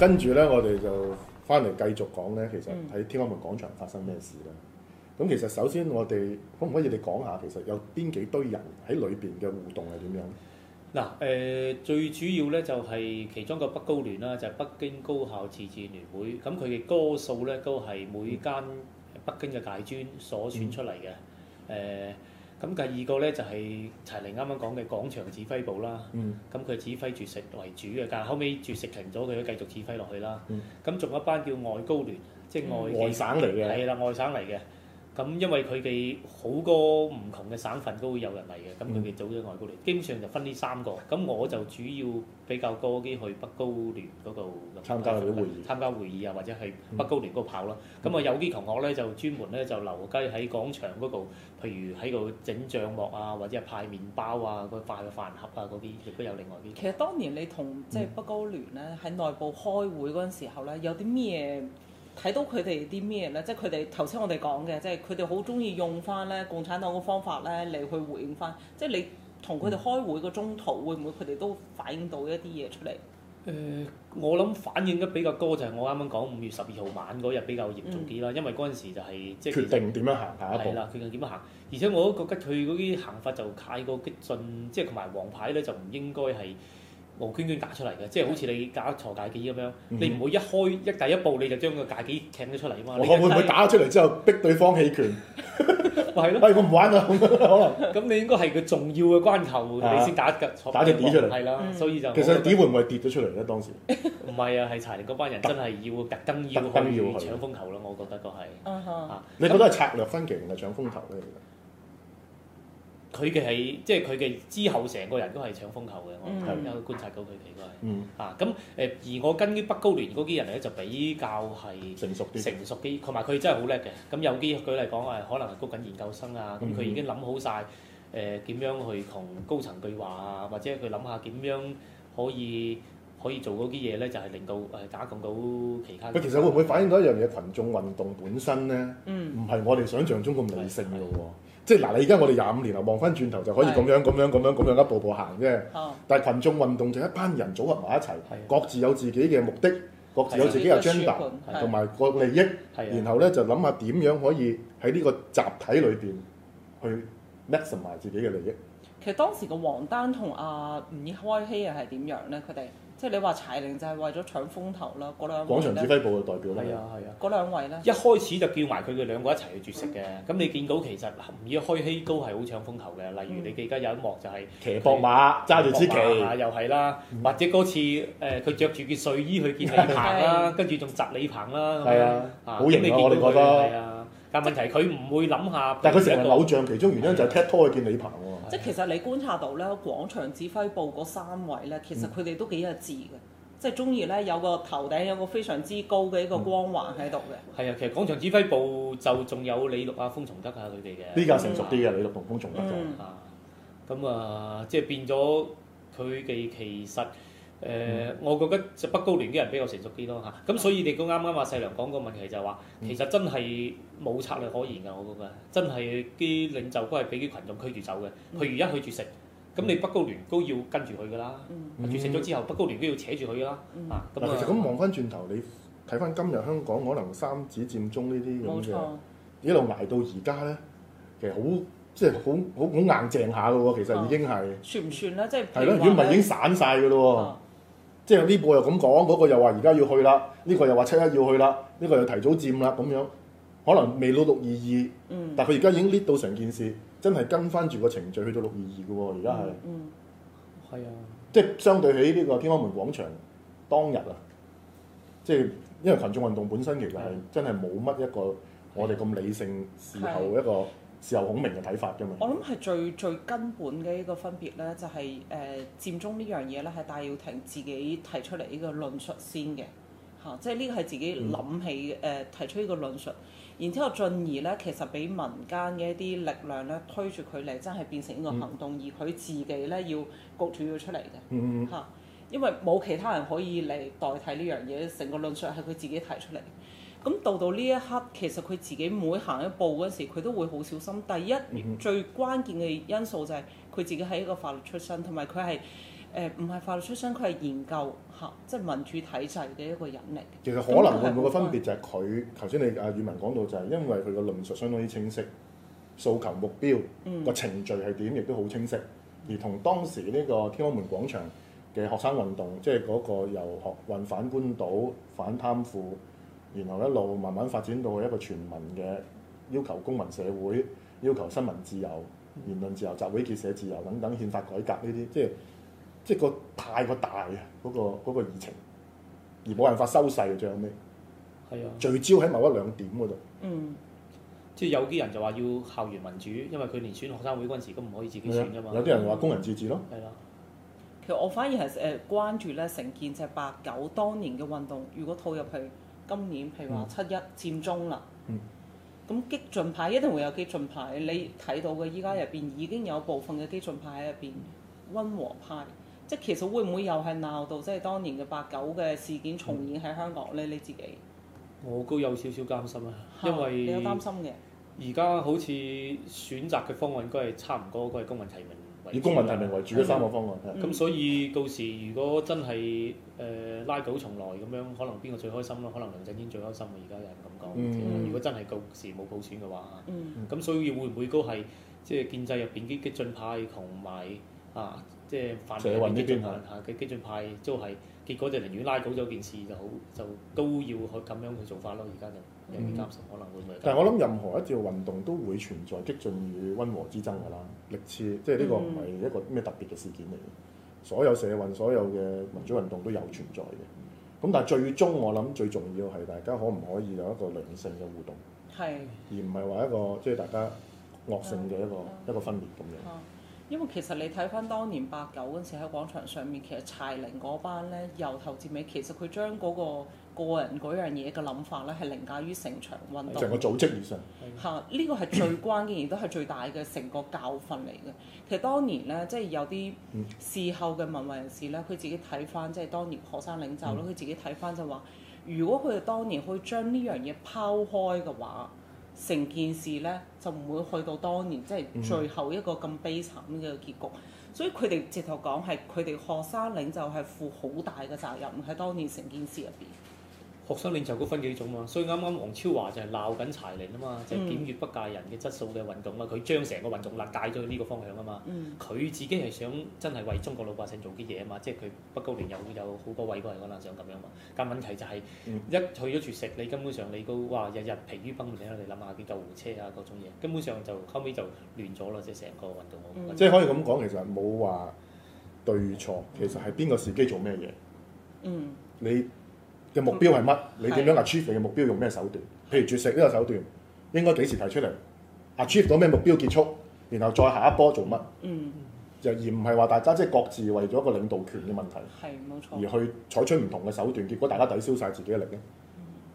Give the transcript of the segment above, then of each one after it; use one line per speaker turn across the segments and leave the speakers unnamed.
跟住咧，我哋就翻嚟繼續講咧。其實喺天安門廣場發生咩事咧？咁其實首先我哋可唔可以你講下，其實有邊幾堆人喺裏邊嘅互動係點樣？
嗱，誒、呃、最主要咧就係、是、其中一個北高聯啦，就係、是、北京高校自治聯會。咁佢嘅多數咧都係每間北京嘅大專所選出嚟嘅，誒、嗯。呃咁第二個咧就係、是、柴玲啱啱講嘅廣場指揮部啦，咁佢、嗯、指揮絕食為主嘅，但係後尾絕食停咗，佢都繼續指揮落去啦。咁仲、嗯、有一班叫外高聯，即係外外省嚟嘅，係啦、嗯，外省嚟嘅。咁因為佢哋好多唔同嘅省份都會有人嚟嘅，咁佢哋組咗外高聯，基本上就分呢三個。咁我就主要比較多啲去北高聯嗰度參加會議，參加會議啊，或者去北高聯嗰度跑啦。咁啊、嗯、有啲同學咧就專門咧就留低喺廣場嗰度，譬如喺度整帳幕啊，或者係派麵包啊，嗰飯嘅飯盒啊嗰啲，亦都有另外啲。
其實當年你同即係北高聯咧喺內部開會嗰陣時候咧，嗯、有啲咩？睇到佢哋啲咩咧？即係佢哋頭先我哋講嘅，即係佢哋好中意用翻咧共產黨嘅方法咧嚟去回應翻。即係你同佢哋開會個中途、嗯、會唔會佢哋都反映到一啲嘢出嚟？誒、呃，
我諗反映得比較多就係我啱啱講五月十二號晚嗰日比較嚴重啲啦，嗯、因為嗰陣時就係即係決定點樣行下一步啦。決定點樣行？而且我都覺得佢嗰啲行法就太過激進，即係同埋黃牌咧就唔應該係。無圈圈打出嚟嘅，即係好似你打坐架機咁樣，嗯、哼你唔會一開一第一步你就將個架機掟咗出嚟啊嘛。我會唔會打出嚟
之後逼對方棄權？
係咯。喂，我唔玩啦，咁 你應該係個重要嘅關頭，啊、你先打架打隻碟出嚟。係啦了，嗯、所以就其實碟會
唔會跌咗出嚟咧？當時
唔係 啊，係柴人嗰班人真係要特登要搶風頭咯，我覺得個係。
你覺得係策略分歧定係搶風頭咧？
佢嘅係即係佢嘅之後，成個人都係搶風頭嘅。我強有觀察到佢哋嗰個，嗯、啊咁誒。而我跟於北高聯嗰啲人咧，就比較係成熟啲，成熟啲。同埋佢真係好叻嘅。咁有啲舉例嚟講誒，可能係高緊研究生啊，咁、嗯、佢、嗯、已經諗好晒誒點樣去同高層對話啊，或者佢諗下點樣可以可以做嗰啲嘢咧，就係令到誒打攪到其他，其他。其實會唔會反
映到一樣嘢？群眾運動本身咧，唔係我哋想象中咁理性嘅喎。嗯。即係嗱，你而家我哋廿五年後，望翻轉頭就可以咁樣、咁是的 樣、咁樣、咁樣一步步行啫。哦、但係群眾運動就一班人組合埋一齊，是的 各自有自己嘅目的，是的各自有自己嘅 agenda 同埋個利益。是的是的然後呢，就諗下點樣可以喺呢個集體裏邊去 maximize 埋自己嘅利益。
其實當時個王丹同阿、啊、吾爾開希又係點樣呢？佢哋？即係你話柴玲就係為咗搶風頭啦，嗰兩廣場指揮部
嘅代表啦，嗰兩、啊啊、位咧，一開始就叫埋佢哋兩個一齊去絕食嘅。咁、嗯、你見到其實嗱，吾爾開希都係好搶風頭嘅。例如你記得有一幕就係騎駁馬揸住支旗啊，又係啦，或者嗰次誒佢着住件睡衣去見李鵬啦，跟住仲摘李鵬啦，係啊，好型啊，我覺得。但問題佢唔會諗下，但係佢成日偶像，
其中原因就係踢拖去見李鵬喎。
即係其實你觀察到咧，廣場指揮部嗰三位咧，其實佢哋都幾一致嘅，即係中意咧有個頭頂有個非常之高嘅一個光環喺度
嘅。係啊，啊，其實廣場指揮部就仲有李錄啊、封從德啊佢哋嘅比較成熟啲嘅
李錄同封從德、嗯
嗯、啊。咁、嗯、啊，即係變咗佢哋其實。誒，我覺得就北高聯啲人比較成熟啲咯嚇，咁所以你剛啱啱話細梁講個問題就係話，其實真係冇策略可言㗎，我覺得真係啲領袖都係俾啲群眾驅住走嘅，譬如一去絕食，咁你北高聯都要跟住佢㗎啦，絕食咗之後，北高聯都要扯住佢㗎啦。
嗱，其實咁望翻轉頭，你睇翻今日香港可能三子佔中呢啲咁嘅一路捱到而家咧，其實好即係好好好硬淨下嘅喎，其實已經係
算唔算咧？即係係咯，如果唔係已經
散晒㗎咯喎。即係呢部又咁講，嗰、那個又話而家要去啦，呢、這個又話七一要去啦，呢、這個又提早佔啦咁樣，可能未到六二二，但佢而家已經 lead 到成件事，真係跟翻住個程序去到六二二嘅喎，而家係，係啊、嗯，嗯、即係相對起呢個天安門廣場當日啊，即係因為群眾運動本身其實係真係冇乜一個我哋咁理性、時候一個。事後孔明嘅睇法㗎嘛？我諗
係最最根本嘅一個分別咧，就係、是、誒、呃、佔中呢樣嘢咧，係戴耀廷自己提出嚟呢個論述先嘅，嚇、啊，即係呢個係自己諗起誒、嗯呃、提出呢個論述，然之後進而咧，其實俾民間嘅一啲力量咧推住佢嚟，真係變成呢個行動，嗯、而佢自己咧要焗住要出嚟嘅，嚇、嗯嗯啊，因為冇其他人可以嚟代替呢樣嘢，成個論述係佢自己提出嚟。咁到到呢一刻，其實佢自己每行一步嗰時，佢都會好小心。第一，最關鍵嘅因素就係佢自己係一個法律出身，同埋佢係誒唔係法律出身，佢係研究即係、就是、民主體制嘅一個人嚟。其實可能會唔會個分
別就係佢頭先你阿、呃、宇文講到就係因為佢個論述相當之清晰，訴求目標，個程序係點，亦都好清晰，而同當時呢個天安門廣場嘅學生運動，即係嗰個由學運反官倒反貪腐。然後一路慢慢發展到一個全民嘅要求公民社會，要求新聞自由、言論自由、集會結社自由等等憲法改革呢啲，即係即係個太過大啊！嗰、嗰個嗰、嗰個、議程而冇辦法收細嘅。最後尾聚焦喺某一兩點嗰度。嗯，
即係有啲人就話要校園民主，因為佢連選學生會嗰陣時都唔可以自己選㗎嘛。有啲人話工人自治咯。係
啦，其實我反而係誒關注咧成件事八九當年嘅運動，如果套入去。今年譬如話七一佔中啦，咁、嗯、激進派一定會有激進派，你睇到嘅依家入邊已經有部分嘅激進派喺入邊，溫、嗯、和派，即係其實會唔會又係鬧到即係當年嘅八九嘅事件重演喺香港呢？嗯、你自己？
我都有少少擔心啊，因為、嗯、你有擔心嘅。而家好似選擇嘅方案應該係差唔多，都係公民提名。以公民提名為主嘅三個方案，咁所以到時如果真係誒、呃、拉倒重來咁樣，可能邊個最開心咯？可能梁振英最開心嘅，而家有人咁講。嗯、如果真係到時冇普選嘅話，咁、嗯嗯、所以會唔會都係即係建制入邊啲激進派同埋啊，即係泛民啲激進派，激進派都係。結果就寧願拉倒咗件事就好，就都要去咁樣嘅做法咯。而家就有可能會，會、嗯、但係我諗
任何一條運動都會存在激進與温和之爭㗎啦，歷次即係呢個唔係一個咩特別嘅事件嚟嘅，所有社運、所有嘅民主運動都有存在嘅。咁但係最終我諗最重要係大家可唔可以有一個良性嘅互動，是而唔係話一個即係大家惡性嘅一個一個分裂咁樣。
因為其實你睇翻當年八九嗰陣時喺廣場上面，其實柴玲嗰班咧由頭至尾，其實佢將嗰個個人嗰樣嘢嘅諗法咧係凌駕於成場運動成個組織以上嚇，呢 個係最關鍵亦都係最大嘅成個教訓嚟嘅。其實當年咧，即係有啲事後嘅文衛人士咧，佢自己睇翻即係當年學生領袖咧，佢、嗯、自己睇翻就話，如果佢哋當年可以將呢樣嘢拋開嘅話。成件事咧就唔會去到當年即係、就是、最後一個咁悲慘嘅結局，嗯、所以佢哋直頭講係佢哋學生領袖係負好大嘅責任喺當年成件事入邊。
學生練習都分幾種嘛，所以啱啱王超華就係鬧緊柴玲啊嘛，就檢、是、驗不嫁人嘅質素嘅運動啊，佢將成個運動啦帶咗呢個方向啊嘛，佢、嗯、自己係想真係為中國老百姓做啲嘢啊嘛，即係佢北高聯有有好多位過嚟可能想咁樣嘛，但問題就係、是嗯、一去咗絕食，你根本上你都哇日日疲於奔命啊，你諗下啲救護車啊各種嘢，根本上就後尾就亂咗咯，即係成個運動即係、嗯、可以
咁講，其實冇話對錯，其實係邊個時機做咩嘢？嗯，你嘅目標係乜？Okay. 你點樣嚟 achieve 嘅目標用咩手段？譬如絕食呢個手段，應該幾時提出嚟？achieve 到咩目標結束？然後再下一波做乜？嗯、mm，就、hmm. 而唔係話大家即係各自為咗一個領導權嘅問題，係冇錯，hmm. 而去採取唔同嘅手段，結果大家抵消晒自己嘅力咧。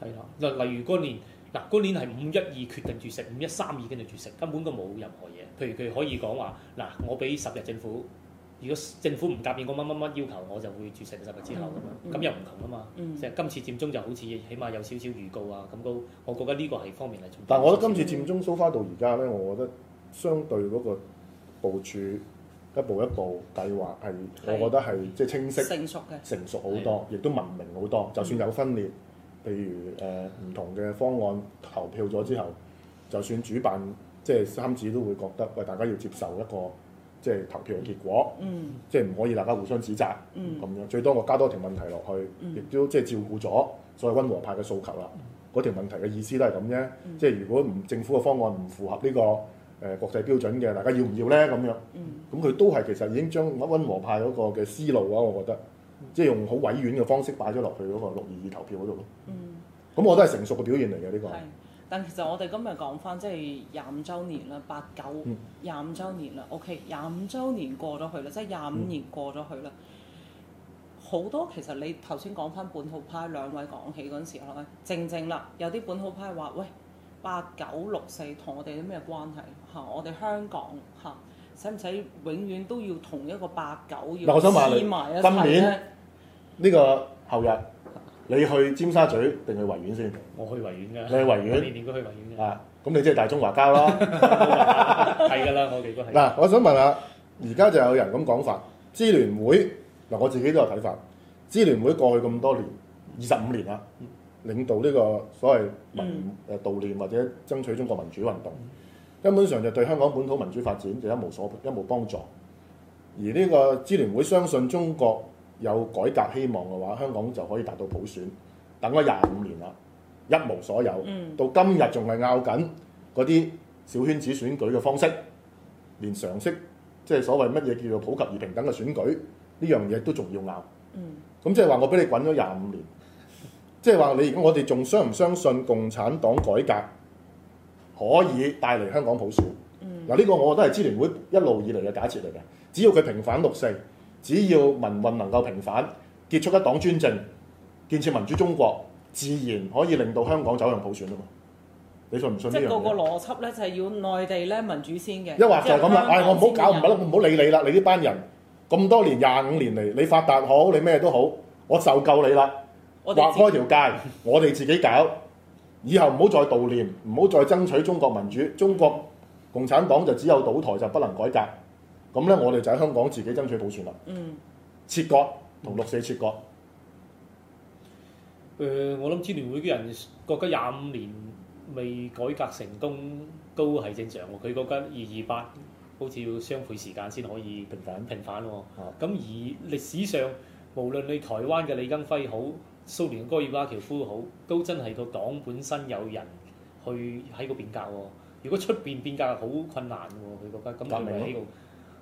係啦、mm，嗱、hmm.，例如嗰年，嗱，嗰年係五一二決定絕食，五一三已經嚟絕食，根本佢冇任何嘢。譬如佢可以講話，嗱，我俾十日政府。如果政府唔答應我乜乜乜要求，我就會住成十日之後咁樣，咁又唔同啊嘛。即、嗯、今次佔中就好似起碼有少少預告啊。咁都、嗯、我覺得呢個係方面係重要。但係我
覺得今次佔中收花、嗯、到而家呢，我覺得相對嗰個部署一步一步計劃係，我覺得係即係清晰、的成熟成熟好多，亦的都文明好多。的就算有分裂，譬如誒唔、呃、的同嘅方案投票咗之後，就算主辦即係三子都會覺得喂，大家要接受一個。即係投票嘅結果，即係唔可以大家互相指責咁樣，最多我加多條問題落去，亦都即係照顧咗所謂溫和派嘅訴求啦。嗰條問題嘅意思都係咁啫，即係如果唔政府嘅方案唔符合呢個誒國際標準嘅，大家要唔要咧咁樣？咁佢都係其實已經將溫和派嗰個嘅思路啊，我覺得即係用好委婉嘅方式擺咗落去嗰個六二二投票嗰度咯。咁我都係成熟嘅表現嚟嘅呢個。
但其實我哋今日講翻，即係廿五周年啦，八九廿五周年啦，OK，廿五周年過咗去啦，即係廿五年過咗去啦。好、嗯、多其實你頭先講翻本土派兩位講起嗰陣時候咧，正正啦，有啲本土派話：「喂，八九六四同我哋有咩關係？嚇、啊，我哋香港嚇，使唔使永遠都要同一個八九要黐埋一齊咧？
呢個後日。你去尖沙咀定去維園先？我去維園㗎。你去維園？
年
年都去維園㗎。啊，咁 你即係大中華膠咯，
係㗎啦，我哋都係。嗱，
我想問下，而家就有人咁講法，支聯會嗱，我自己都有睇法，支聯會過去咁多年，二十五年啦，領導呢個所謂民誒悼念或者爭取中國民主運動，根、嗯、本上就對香港本土民主發展就一無所一無幫助，而呢個支聯會相信中國。有改革希望嘅話，香港就可以達到普選。等咗廿五年啦，一無所有，嗯、到今日仲係拗緊嗰啲小圈子選舉嘅方式，連常識，即係所謂乜嘢叫做普及而平等嘅選舉呢樣嘢都仲要拗。咁即係話我俾你滾咗廿五年，即係話你我哋仲相唔相信共產黨改革可以帶嚟香港普選？嗱，嗯、呢個我都係支聯會一路以嚟嘅假設嚟嘅，只要佢平反六四。只要民運能夠平反，結束一黨專政，建設民主中國，自然可以令到香港走向普選啦。你信唔信呢樣嘢？即係個邏輯咧，
就係要內地咧民主先嘅。一話就咁啦，
唉、哎，我唔好搞唔埋啦，我唔好理你啦，你呢班人咁多年廿五年嚟，你發達好，你咩都好，我受夠你啦，劃開條界，我哋自己搞，以後唔好再悼念，唔好再爭取中國民主，中國共產黨就只有倒台就不能改革。咁咧，我哋就喺香港自己爭取保存啦。嗯。切割同六四切割。
誒、呃，我諗支聯會嘅人，覺得廿五年未改革成功都係正常喎。佢覺得二二八好似要雙倍時間先可以平反平反喎。哦。咁、啊、而歷史上，無論你台灣嘅李登輝好，蘇聯嘅戈爾巴喬夫好，都真係個黨本身有人去喺個變革喎、哦。如果出邊變革係好困難嘅、哦、喎，佢覺得。咁唔喺度。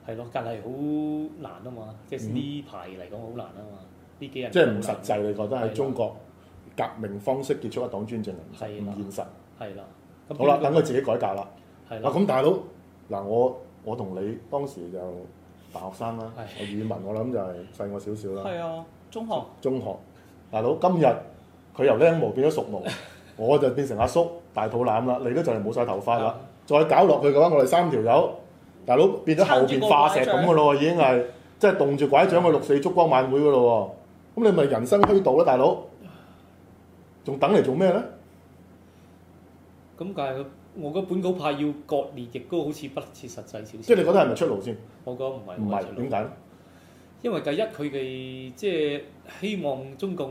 係咯，革命好難啊嘛，即係呢排嚟講好難啊嘛，呢幾日即係唔實際，你覺得喺中
國革命方式結束一黨專政係唔現實，係啦。好啦，等佢自己改革啦。
係啦。咁大
佬嗱，我我同你當時就大學生啦，我語文我諗就係細我少少啦。係啊，中學。中學，大佬今日佢由靚毛變咗熟毛，我就變成阿叔大肚腩啦，你都就係冇晒頭髮啦。再搞落去嘅話，我哋三條友。大佬變咗後邊化石咁嘅咯，已經係即係棟住拐杖去六四燭光晚會嘅咯喎，咁你咪人生虛度啦，大佬，仲等嚟做咩咧？
咁但係我覺得本土派要割裂，亦都好似不切實際少少。即係你覺得係咪出
路先？我覺得唔係。唔係？點解？是為
因為第一，佢哋即係希望中共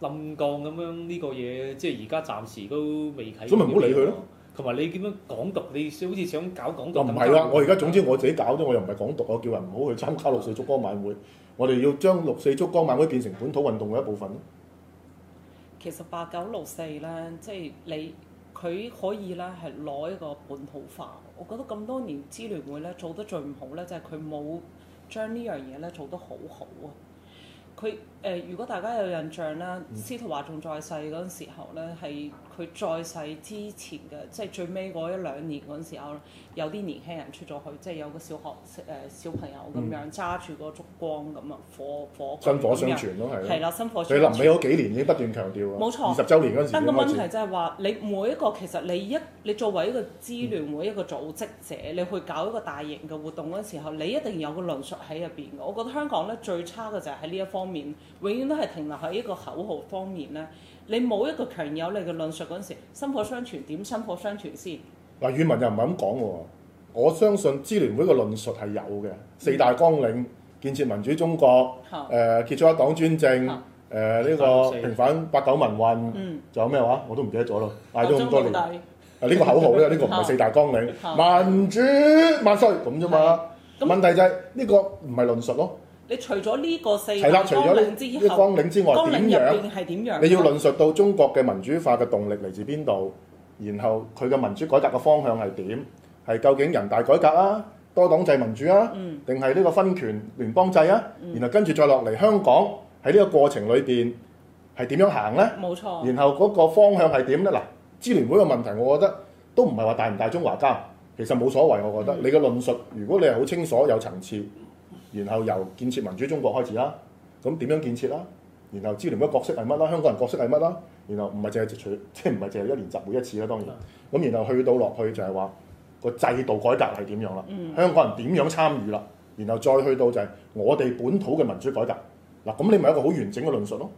冧降咁樣呢個嘢，即係而家暫時都未起。所以咪唔好理佢咯。同埋你點樣港獨？你好似想搞港獨？哦，唔係啦，我而家總之我自
己搞啫，我又唔係港獨啊！我叫人唔好去參加六四燭光晚會，我哋要將六四燭光晚會變成本土運動嘅一部分。
其實八九六四呢，即係你佢可以呢係攞一個本土化。我覺得咁多年支聯會呢，做得最唔好呢，就係佢冇將呢樣嘢呢做得好好啊！佢。誒、呃，如果大家有印象啦，嗯、司徒華仲在世嗰陣時候咧，係佢在世之前嘅，即係最尾嗰一兩年嗰陣時啦，有啲年輕人出咗去，即係有個小學誒、呃、小朋友咁樣揸住、嗯、個燭光咁啊，火火薪火相傳咯，係啦，薪火相傳。佢臨尾嗰幾
年已經不斷強調啦。冇錯，二十週年嗰陣時。但個問題就
係話，你每一個其實你一你作為一個支聯會一個組織者，嗯、你去搞一個大型嘅活動嗰陣時候，你一定有個論述喺入邊嘅。我覺得香港咧最差嘅就係喺呢一方面。永遠都係停留喺一個口號方面咧，你冇一個強有力嘅論述嗰陣時，薪火相傳點薪火相
傳先？嗱，語文又唔係咁講喎，我相信支聯會嘅論述係有嘅，四大綱領、建設民主中國、誒、呃、結束一黨專政、誒、呃、呢、這個平反八九民運，仲、嗯、有咩話？我都唔記得咗咯，挨咗咁多年。啊，呢、這個口號啫，呢、這個唔係四大綱領，後後民主萬歲咁啫嘛。問題就係、是、呢、這個唔係論述咯。
你除咗呢個四、啊、光領之後，光領入邊係點樣？樣你要論述
到中國嘅民主化嘅動力嚟自邊度，然後佢嘅民主改革嘅方向係點？係究竟人大改革啊，多黨制民主啊，定係呢個分權聯邦制啊？嗯、然後跟住再落嚟香港喺呢個過程裏邊係點樣行呢？
冇錯。然
後嗰個方向係點呢？嗱，支聯會嘅問題，我覺得都唔係話大唔大中華，家其實冇所謂，我覺得、嗯、你嘅論述，如果你係好清楚有層次。然後由建設民主中國開始啦，咁點樣建設啦？然後支聯會角色係乜啦？香港人角色係乜啦？然後唔係淨係除即係唔係淨係一年集會一次啦，當然咁。然後去到落去就係話個制度改革係點樣啦？香港人點樣參與啦？然後再去到就係我哋本土嘅民主改革嗱，咁你咪一個好完整嘅論述咯。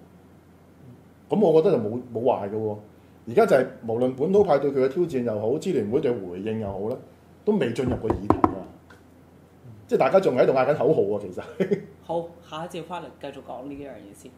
咁我覺得就冇冇壞㗎喎。而家就係無論本土派對佢嘅挑戰又好，支聯會對佢嘅回應又好咧，都未進入個議題。即係大家仲喺度嗌緊口號喎啊，其實。
好，下一節翻嚟繼續講呢樣嘢先。